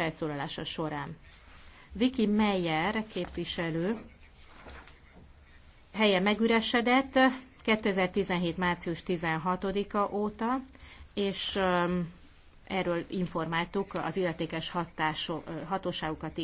felszólalása során. Vicky Meyer képviselő helye megüresedett 2017. március 16-a óta, és um, erről informáltuk az illetékes hatóságokat is.